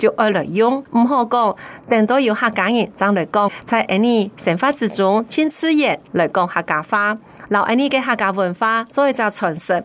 就愛來用，毋好講。但都要客家人真來講，在安尼成花之中，千枝葉來講客家話，留安尼嘅客家文化作為一個傳承。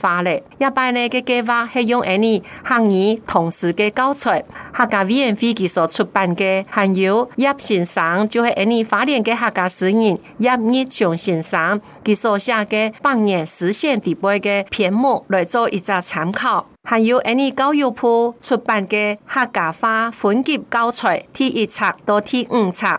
化咧，一班咧，計計劃係用安尼漢語同時嘅教材，客家 V N F 技術出版嘅，還有一線上就係安尼法嘅客家使用一日常線上技術寫嘅，半年實現直播嘅篇目嚟做一個參考，還有安尼教育部出版嘅客家話分級教材第一冊到第五冊。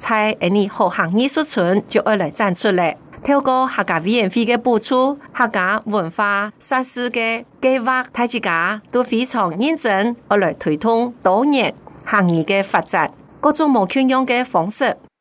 在印尼河下藝術村就愛來展出嘞。透過客家委員會嘅補助、客家文化設施嘅計劃，投資者都非常認真而來推動多元行業嘅發展，各種無缺氧嘅方式。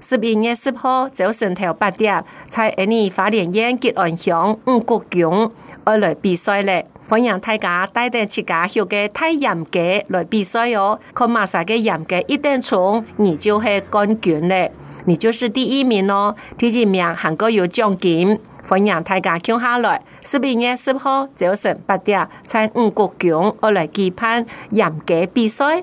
十一月十號早晨頭八點，在花蓮縣吉安鄉五穀宮來比賽咧。歡迎大家帶啲自家學的閹雞來比賽哦。佢馬實嘅閹雞一旦從，你就是冠軍咧，你就是第一名哦，第二名行哥有獎金。歡迎大家搶下來。十一月十號早晨八點，在五穀宮來舉辦閹雞比賽。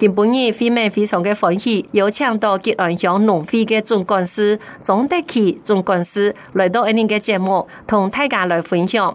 今晡日非常非常歡喜，有請到吉安鄉農會的總幹事張德奇總幹事來到呢個節目，同大家來分享。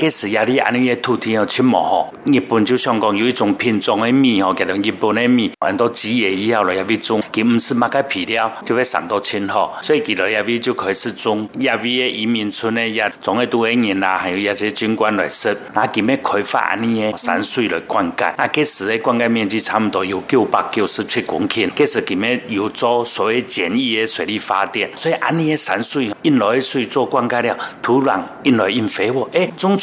開始亞哩安尼嘅土地哦，起毛吼。日本就香港有一種品種的米吼，叫做日本的米。翻到幾頁以後咯，亞尾種，佮唔是擘開皮了，就會生到青吼。所以佢落亞尾就開始種。亞尾的移民村呢，也種的多一年啦，還有亞些軍官來食。那佮咩開發安尼的山水來灌溉？啊，開時的灌溉面積差不多有九百九十七公頃。開時佮咩有做所謂簡易的水利發電？所以安尼的山水引落的水做灌溉了，土壤引來引肥沃，誒，種。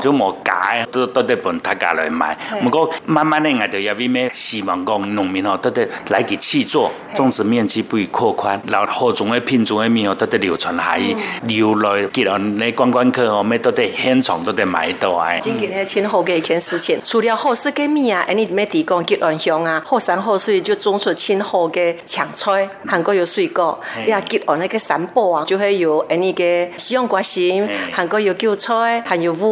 就冇解，都得搬大家來買。唔過慢慢的我哋要啲咩希望、講農民哦，都得來佢試做，是種植面積會擴寬，然後好種嘅品種嘅哦，都得流傳下，去、嗯，流來吉安，你觀光客哦，咩都得現場都得買到的、嗯。今年嘅青禾嘅一件事情，除了好食嘅米啊，誒你咩提供吉安鄉啊，好山好水就種出青禾嘅青菜。韓國有水果，你話吉安，你個三寶啊，就係有誒你嘅西洋果樹。韓國有韭菜，還有烏。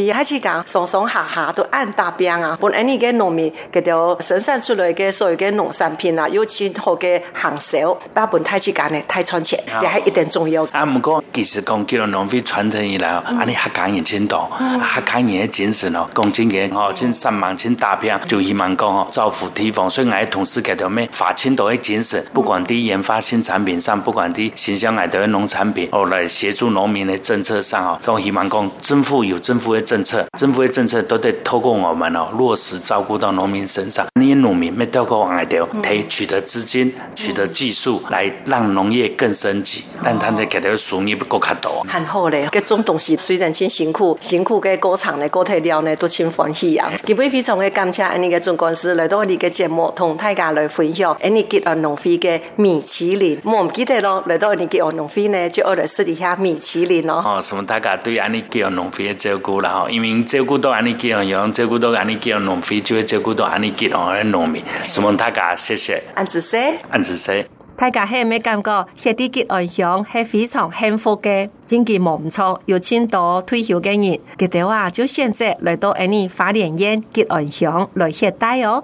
太之講上上下下都安達標啊！本呢啲嘅農民佢到生產出來的所有的農產品啊，尤其好嘅行銷，大部分太去講的太賺錢，而且一定重要嘅。啊唔過其實講叫了農夫傳承以來，阿你下崗亦真多，下崗亦要精神哦。講真嘅，哦，真三萬千達標就希望講哦，造福地方。所以我喺同事佢條咩，花錢都要謹慎，不管啲研發新產品上，不管啲形象我的農產品，後來協助農民的政策上啊，都希望講，政府有政府的。政策，政府的政策都得透過我們哦、喔、落實，照顧到農民身上。你農民沒透過來的可以取得資金、嗯，取得技術，來讓農業更升級。但他的給他收益不夠看多。很好的搿種東西雖然辛苦，辛苦搿歌廠嘞、歌體料嘞都真歡喜啊！特別非常嘅感謝安尼嘅總幹事來到我哋節目，同大家來分享。安尼吉安農會嘅米其林，我唔記得咯。來到安尼嘅吉安農會呢，就俄羅斯嘅米其林哦，什麼？大家對安尼吉安農會嘅照顧啦？因為照顧到安尼吉安鄉，照顧到安尼吉安農會，就會照顧到安尼吉安的農民。希望、嗯、大家謝謝。安子生，安子生，大家還沒感覺，吃地吉安鄉，是非常幸福嘅，經濟冇錯，有錢多退休嘅人，覺得話就選擇嚟到安尼花蓮縣吉安鄉來去待哦。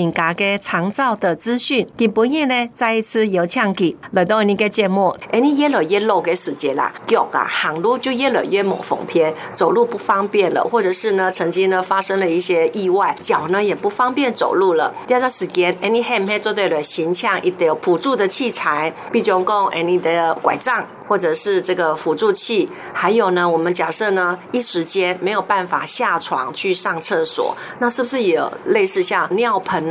人家嘅長照的資訊，今晡日呢，再一次有搶吉來到你嘅節目。你越來越老嘅時節啦，腳啊行路就越來越冇方便，走路不方便了，或者是呢曾經呢發生了一些意外，腳呢也不方便走路了。第二個時間，你肯唔肯做對了形象，一定要輔助的器材，比如講，你的拐杖，或者是這個輔助器。還有呢，我們假設呢一時間沒有辦法下床去上廁所，那是不是也有類似像尿盆呢？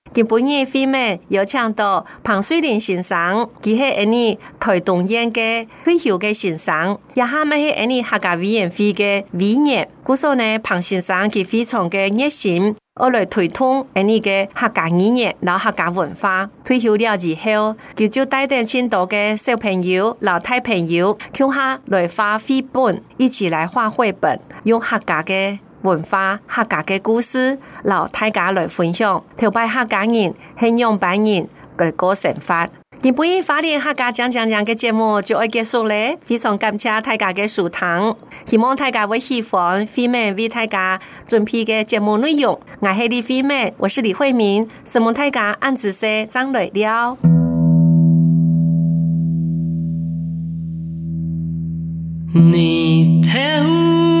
見晡日飛咩邀請到彭水林先生，佢係呢台東縣的退休的先生，也哈咪係呢客家委員會的委員。故說呢彭先生佢非常的熱心，我嚟推動他們的客家語言，摎客家文化。退休了之後，佢就帶啲青島的小朋友，老太朋友，叫他來畫繪本，一起來畫繪本，用客家的。文化客家嘅故事，留大家來分享。投拜客家人、輕用板言嘅歌成法。今晡日花蓮客家靚靚靚嘅節目就要結束咧，非常感謝大家嘅收聽，希望大家會喜歡飛妹為大家準備嘅節目內容。我係李飛妹，我是李惠敏。希望大家按紫色張來了。你聽。